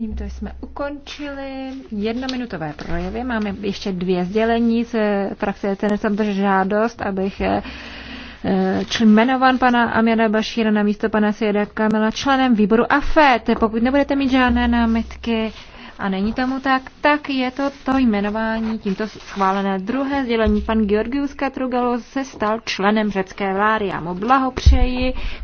Tímto jsme ukončili jednominutové projevy. Máme ještě dvě sdělení z frakce CNS. Tam žádost, abych jmenovan eh, pana Amjada Bašíra na místo pana Sjeda Kamila členem výboru AFET. Pokud nebudete mít žádné námitky a není tomu tak, tak je to to jmenování tímto schválené druhé sdělení. Pan Georgius Katrugalo se stal členem řecké vlády. Já mu blahopřeji.